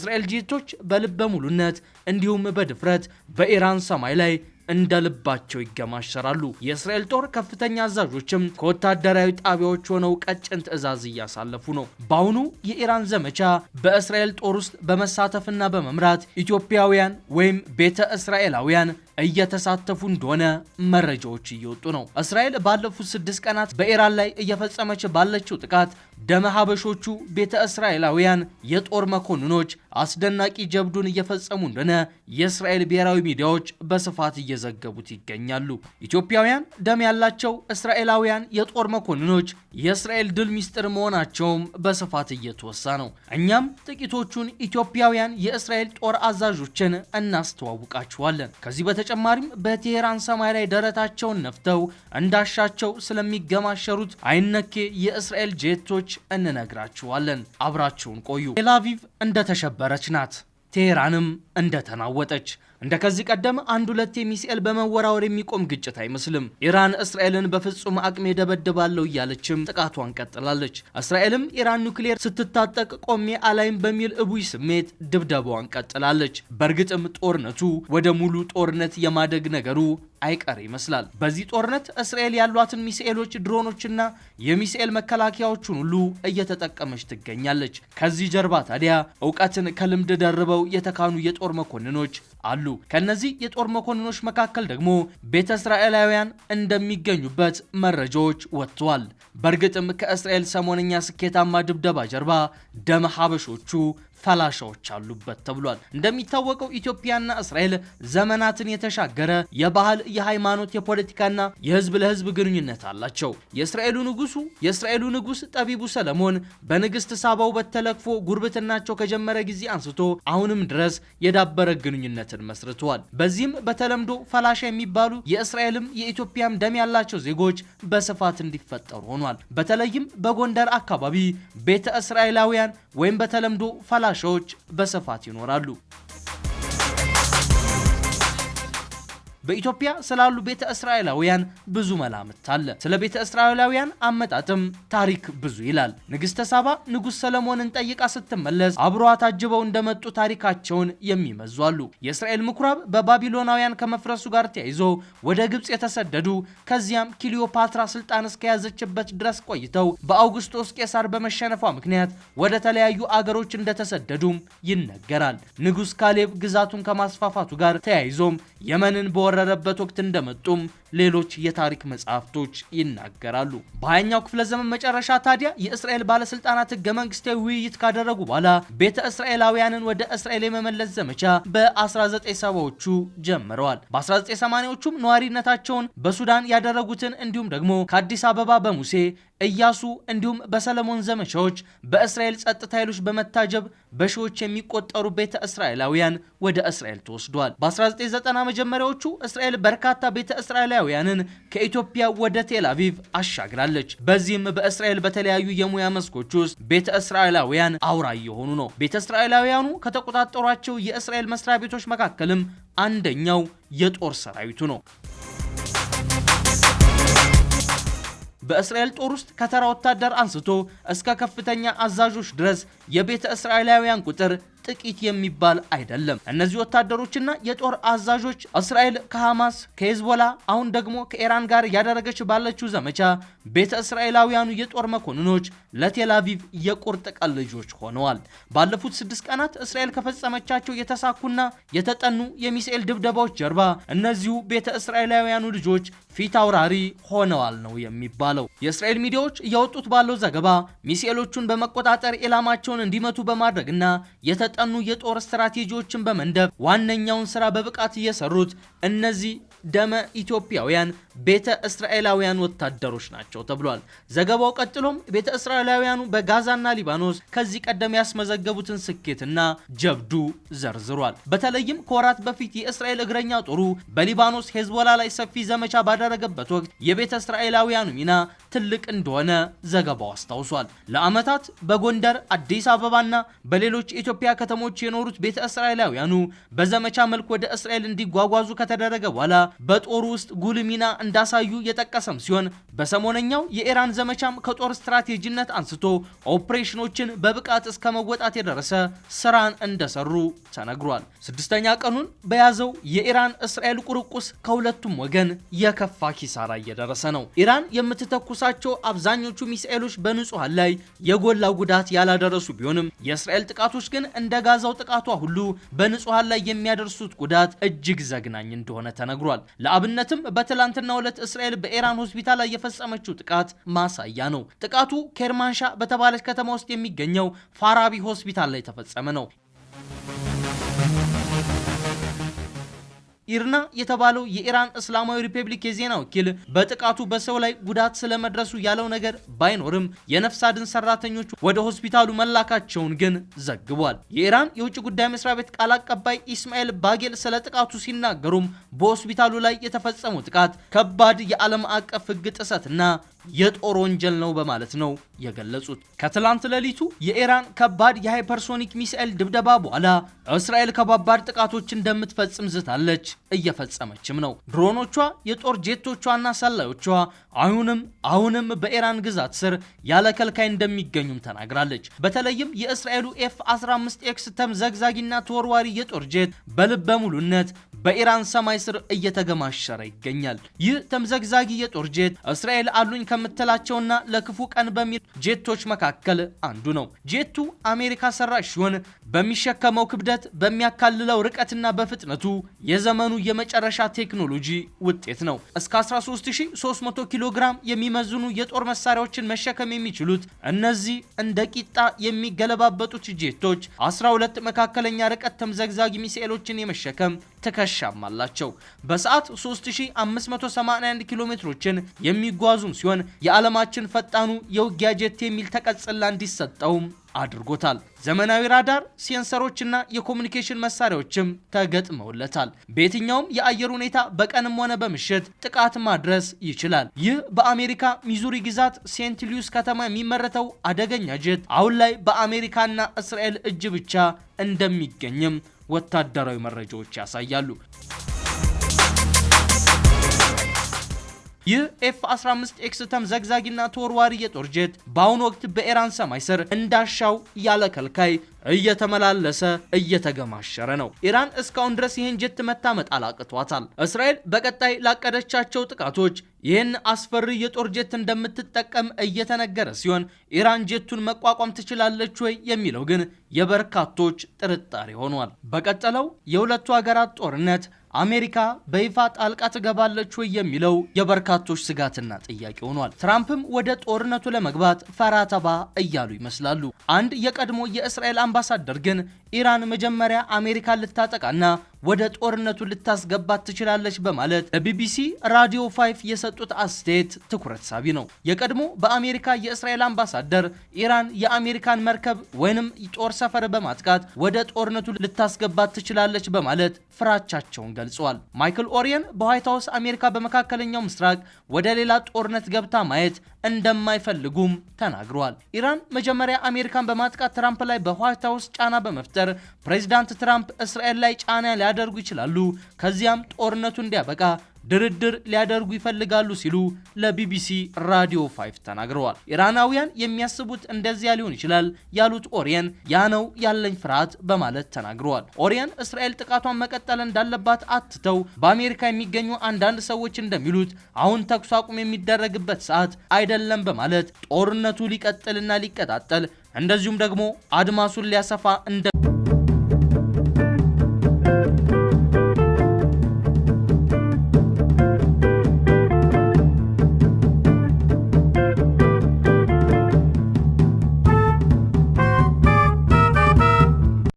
የእስራኤል ጄቶች በልበ ሙሉነት እንዲሁም በድፍረት በኢራን ሰማይ ላይ እንደልባቸው ይገማሸራሉ። የእስራኤል ጦር ከፍተኛ አዛዦችም ከወታደራዊ ጣቢያዎች ሆነው ቀጭን ትዕዛዝ እያሳለፉ ነው። በአሁኑ የኢራን ዘመቻ በእስራኤል ጦር ውስጥ በመሳተፍና በመምራት ኢትዮጵያውያን ወይም ቤተ እስራኤላውያን እየተሳተፉ እንደሆነ መረጃዎች እየወጡ ነው። እስራኤል ባለፉት ስድስት ቀናት በኢራን ላይ እየፈጸመች ባለችው ጥቃት ደመ ሀበሾቹ ቤተ እስራኤላውያን የጦር መኮንኖች አስደናቂ ጀብዱን እየፈጸሙ እንደሆነ የእስራኤል ብሔራዊ ሚዲያዎች በስፋት እየዘገቡት ይገኛሉ። ኢትዮጵያውያን ደም ያላቸው እስራኤላውያን የጦር መኮንኖች የእስራኤል ድል ሚስጥር መሆናቸውም በስፋት እየተወሳ ነው። እኛም ጥቂቶቹን ኢትዮጵያውያን የእስራኤል ጦር አዛዦችን እናስተዋውቃችኋለን። ከዚህ በተጨማሪም በቴሄራን ሰማይ ላይ ደረታቸውን ነፍተው እንዳሻቸው ስለሚገማሸሩት አይነኬ የእስራኤል ጄቶች እንነግራችኋለን። አብራችሁን ቆዩ። ቴላቪቭ እንደተሸበረች ናት። ቴሄራንም እንደተናወጠች። እንደ ከዚህ ቀደም አንድ ሁለት የሚሳኤል በመወራወር የሚቆም ግጭት አይመስልም። ኢራን እስራኤልን በፍጹም አቅሜ ደበድባለሁ እያለችም ጥቃቷን ቀጥላለች። እስራኤልም ኢራን ኑክሌር ስትታጠቅ ቆሜ አላይም በሚል እቡይ ስሜት ድብደባዋን ቀጥላለች። በእርግጥም ጦርነቱ ወደ ሙሉ ጦርነት የማደግ ነገሩ አይቀር ይመስላል። በዚህ ጦርነት እስራኤል ያሏትን ሚሳኤሎች፣ ድሮኖችና የሚሳኤል መከላከያዎችን ሁሉ እየተጠቀመች ትገኛለች። ከዚህ ጀርባ ታዲያ እውቀትን ከልምድ ደርበው የተካኑ የጦር የጦር መኮንኖች አሉ። ከነዚህ የጦር መኮንኖች መካከል ደግሞ ቤተ እስራኤላውያን እንደሚገኙበት መረጃዎች ወጥቷል። በእርግጥም ከእስራኤል ሰሞነኛ ስኬታማ ድብደባ ጀርባ ደም ሀበሾቹ ፈላሻዎች አሉበት ተብሏል። እንደሚታወቀው ኢትዮጵያና እስራኤል ዘመናትን የተሻገረ የባህል፣ የሃይማኖት፣ የፖለቲካና የህዝብ ለህዝብ ግንኙነት አላቸው። የእስራኤሉ ንጉሱ የእስራኤሉ ንጉስ ጠቢቡ ሰለሞን በንግስት ሳባው ተለክፎ ጉርብትናቸው ከጀመረ ጊዜ አንስቶ አሁንም ድረስ የዳበረ ግንኙነትን መስርተዋል። በዚህም በተለምዶ ፈላሻ የሚባሉ የእስራኤልም የኢትዮጵያም ደም ያላቸው ዜጎች በስፋት እንዲፈጠሩ ሆኗል። በተለይም በጎንደር አካባቢ ቤተ እስራኤላውያን ወይም በተለምዶ ፈላ ፈላሾች በስፋት ይኖራሉ። በኢትዮጵያ ስላሉ ቤተ እስራኤላውያን ብዙ መላምት አለ። ስለ ቤተ እስራኤላውያን አመጣጥም ታሪክ ብዙ ይላል። ንግሥተ ሳባ ንጉሥ ሰለሞንን ጠይቃ ስትመለስ አብረዋ ታጅበው እንደመጡ ታሪካቸውን የሚመዙ አሉ። የእስራኤል ምኩራብ በባቢሎናውያን ከመፍረሱ ጋር ተያይዞ ወደ ግብፅ የተሰደዱ ከዚያም ክሊዮፓትራ ስልጣን እስከያዘችበት ድረስ ቆይተው በአውግስጦስ ቄሳር በመሸነፏ ምክንያት ወደ ተለያዩ አገሮች እንደተሰደዱም ይነገራል። ንጉሥ ካሌብ ግዛቱን ከማስፋፋቱ ጋር ተያይዞም የመንን በወ በወረረበት ወቅት እንደመጡም ሌሎች የታሪክ መጽሐፍቶች ይናገራሉ። በሀያኛው ክፍለ ዘመን መጨረሻ ታዲያ የእስራኤል ባለስልጣናት ህገ መንግስታዊ ውይይት ካደረጉ በኋላ ቤተ እስራኤላውያንን ወደ እስራኤል የመመለስ ዘመቻ በ1970ዎቹ ጀምረዋል። በ1980ዎቹም ነዋሪነታቸውን በሱዳን ያደረጉትን እንዲሁም ደግሞ ከአዲስ አበባ በሙሴ እያሱ እንዲሁም በሰለሞን ዘመቻዎች በእስራኤል ጸጥታ ኃይሎች በመታጀብ በሺዎች የሚቆጠሩ ቤተ እስራኤላውያን ወደ እስራኤል ተወስዷል። በ1990 መጀመሪያዎቹ እስራኤል በርካታ ቤተ እስራኤላውያንን ከኢትዮጵያ ወደ ቴልአቪቭ አሻግራለች። በዚህም በእስራኤል በተለያዩ የሙያ መስኮች ውስጥ ቤተ እስራኤላውያን አውራ እየሆኑ ነው። ቤተ እስራኤላውያኑ ከተቆጣጠሯቸው የእስራኤል መስሪያ ቤቶች መካከልም አንደኛው የጦር ሰራዊቱ ነው። በእስራኤል ጦር ውስጥ ከተራ ወታደር አንስቶ እስከ ከፍተኛ አዛዦች ድረስ የቤተ እስራኤላውያን ቁጥር ጥቂት የሚባል አይደለም። እነዚህ ወታደሮችና የጦር አዛዦች እስራኤል ከሐማስ ከሄዝቦላ አሁን ደግሞ ከኢራን ጋር ያደረገች ባለችው ዘመቻ ቤተ እስራኤላውያኑ የጦር መኮንኖች ለቴል አቪቭ የቁርጥ ቀን ልጆች ሆነዋል። ባለፉት ስድስት ቀናት እስራኤል ከፈጸመቻቸው የተሳኩና የተጠኑ የሚሳኤል ድብደባዎች ጀርባ እነዚሁ ቤተ እስራኤላውያኑ ልጆች ፊት አውራሪ ሆነዋል ነው የሚባለው። የእስራኤል ሚዲያዎች እያወጡት ባለው ዘገባ ሚሳኤሎቹን በመቆጣጠር ኢላማቸውን እንዲመቱ በማድረግና የተ የተጠኑ የጦር ስትራቴጂዎችን በመንደብ ዋነኛውን ስራ በብቃት እየሰሩት እነዚህ ደመ ኢትዮጵያውያን ቤተ እስራኤላውያን ወታደሮች ናቸው ተብሏል። ዘገባው ቀጥሎም ቤተ እስራኤላውያኑ በጋዛና ሊባኖስ ከዚህ ቀደም ያስመዘገቡትን ስኬትና ጀብዱ ዘርዝሯል። በተለይም ከወራት በፊት የእስራኤል እግረኛ ጦሩ በሊባኖስ ሄዝቦላ ላይ ሰፊ ዘመቻ ባደረገበት ወቅት የቤተ እስራኤላውያኑ ሚና ትልቅ እንደሆነ ዘገባው አስታውሷል። ለዓመታት በጎንደር አዲስ አበባና በሌሎች የኢትዮጵያ ከተሞች የኖሩት ቤተ እስራኤላውያኑ በዘመቻ መልክ ወደ እስራኤል እንዲጓጓዙ ከተደረገ በኋላ በጦር ውስጥ ጉልህ ሚና እንዳሳዩ የጠቀሰም ሲሆን በሰሞነኛው የኢራን ዘመቻም ከጦር ስትራቴጂነት አንስቶ ኦፕሬሽኖችን በብቃት እስከ መወጣት የደረሰ ስራን እንደሰሩ ተነግሯል። ስድስተኛ ቀኑን በያዘው የኢራን እስራኤል ቁርቁስ ከሁለቱም ወገን የከፋ ኪሳራ እየደረሰ ነው። ኢራን የምትተኩሳቸው አብዛኞቹ ሚሳኤሎች በንጹሐን ላይ የጎላ ጉዳት ያላደረሱ ቢሆንም የእስራኤል ጥቃቶች ግን እንደ ጋዛው ጥቃቷ ሁሉ በንጹሐን ላይ የሚያደርሱት ጉዳት እጅግ ዘግናኝ እንደሆነ ተነግሯል። ተናግረዋል። ለአብነትም በትላንትና ዕለት እስራኤል በኢራን ሆስፒታል ላይ የፈጸመችው ጥቃት ማሳያ ነው። ጥቃቱ ኬርማንሻ በተባለች ከተማ ውስጥ የሚገኘው ፋራቢ ሆስፒታል ላይ የተፈጸመ ነው። ኢርና የተባለው የኢራን እስላማዊ ሪፐብሊክ የዜና ወኪል በጥቃቱ በሰው ላይ ጉዳት ስለመድረሱ ያለው ነገር ባይኖርም የነፍስ አድን ሰራተኞች ወደ ሆስፒታሉ መላካቸውን ግን ዘግቧል። የኢራን የውጭ ጉዳይ መስሪያ ቤት ቃል አቀባይ ኢስማኤል ባጌል ስለ ጥቃቱ ሲናገሩም በሆስፒታሉ ላይ የተፈጸመው ጥቃት ከባድ የዓለም አቀፍ ሕግ ጥሰትና የጦር ወንጀል ነው በማለት ነው የገለጹት። ከትላንት ሌሊቱ የኢራን ከባድ የሃይፐርሶኒክ ሚሳኤል ድብደባ በኋላ እስራኤል ከባባድ ጥቃቶች እንደምትፈጽም ዝታለች፣ እየፈጸመችም ነው። ድሮኖቿ፣ የጦር ጄቶቿና ሰላዮቿ አሁንም አሁንም በኢራን ግዛት ስር ያለ ከልካይ እንደሚገኙም ተናግራለች። በተለይም የእስራኤሉ ኤፍ 15 ኤክስ ተምዘግዛጊና ተወርዋሪ የጦር ጄት በልበ ሙሉነት በኢራን ሰማይ ስር እየተገማሸረ ይገኛል። ይህ ተምዘግዛጊ የጦር ጄት እስራኤል አሉኝ ከምትላቸውና ለክፉ ቀን በሚል ጄቶች መካከል አንዱ ነው። ጄቱ አሜሪካ ሰራሽ ሲሆን በሚሸከመው ክብደት፣ በሚያካልለው ርቀትና በፍጥነቱ የዘመኑ የመጨረሻ ቴክኖሎጂ ውጤት ነው። እስከ 13300 ኪሎ ግራም የሚመዝኑ የጦር መሳሪያዎችን መሸከም የሚችሉት እነዚህ እንደ ቂጣ የሚገለባበጡት ጄቶች 12 መካከለኛ ርቀት ተምዘግዛጊ ሚሳኤሎችን የመሸከም ትከሻም አላቸው። በሰዓት 3581 ኪሎ ሜትሮችን የሚጓዙም ሲሆን የዓለማችን ፈጣኑ የውጊያ ጀት የሚል ተቀጽላ እንዲሰጠውም አድርጎታል። ዘመናዊ ራዳር ሴንሰሮችና የኮሚኒኬሽን መሳሪያዎችም ተገጥመውለታል። በየትኛውም የአየር ሁኔታ በቀንም ሆነ በምሽት ጥቃት ማድረስ ይችላል። ይህ በአሜሪካ ሚዙሪ ግዛት ሴንት ሉዊስ ከተማ የሚመረተው አደገኛ ጀት አሁን ላይ በአሜሪካና እስራኤል እጅ ብቻ እንደሚገኝም ወታደራዊ መረጃዎች ያሳያሉ። ይህ ኤፍ 15 ኤክስ ተምዘግዛጊና ተወርዋሪ የጦር ጀት በአሁኑ ወቅት በኢራን ሰማይ ስር እንዳሻው ያለ ከልካይ እየተመላለሰ እየተገማሸረ ነው። ኢራን እስካሁን ድረስ ይህን ጀት መታ አላቅቷታል። እስራኤል በቀጣይ ላቀደቻቸው ጥቃቶች ይህን አስፈሪ የጦር ጀት እንደምትጠቀም እየተነገረ ሲሆን ኢራን ጀቱን መቋቋም ትችላለች ወይ የሚለው ግን የበርካቶች ጥርጣሬ ሆኗል። በቀጠለው የሁለቱ ሀገራት ጦርነት አሜሪካ በይፋ ጣልቃ ትገባለች ወይ የሚለው የበርካቶች ስጋትና ጥያቄ ሆኗል። ትራምፕም ወደ ጦርነቱ ለመግባት ፈራተባ እያሉ ይመስላሉ። አንድ የቀድሞ የእስራኤል አምባሳደር ግን ኢራን መጀመሪያ አሜሪካን ልታጠቃና ወደ ጦርነቱ ልታስገባት ትችላለች በማለት ለቢቢሲ ራዲዮ ፋይፍ የሰጡት አስተያየት ትኩረት ሳቢ ነው። የቀድሞ በአሜሪካ የእስራኤል አምባሳደር ኢራን የአሜሪካን መርከብ ወይንም ጦር ሰፈር በማጥቃት ወደ ጦርነቱ ልታስገባት ትችላለች በማለት ፍራቻቸውን ገልጸዋል። ማይክል ኦሪየን በዋይት ሀውስ አሜሪካ በመካከለኛው ምስራቅ ወደ ሌላ ጦርነት ገብታ ማየት እንደማይፈልጉም ተናግረዋል። ኢራን መጀመሪያ አሜሪካን በማጥቃት ትራምፕ ላይ በዋይት ሀውስ ጫና በመፍጠር ፕሬዚዳንት ትራምፕ እስራኤል ላይ ጫና ሊያደርጉ ይችላሉ። ከዚያም ጦርነቱ እንዲያበቃ ድርድር ሊያደርጉ ይፈልጋሉ ሲሉ ለቢቢሲ ራዲዮ 5 ተናግረዋል። ኢራናውያን የሚያስቡት እንደዚያ ሊሆን ይችላል ያሉት ኦሪየን ያ ነው ያለኝ ፍርሃት በማለት ተናግረዋል። ኦሪየን እስራኤል ጥቃቷን መቀጠል እንዳለባት አትተው በአሜሪካ የሚገኙ አንዳንድ ሰዎች እንደሚሉት አሁን ተኩስ አቁም የሚደረግበት ሰዓት አይደለም በማለት ጦርነቱ ሊቀጥልና ሊቀጣጠል እንደዚሁም ደግሞ አድማሱን ሊያሰፋ እንደ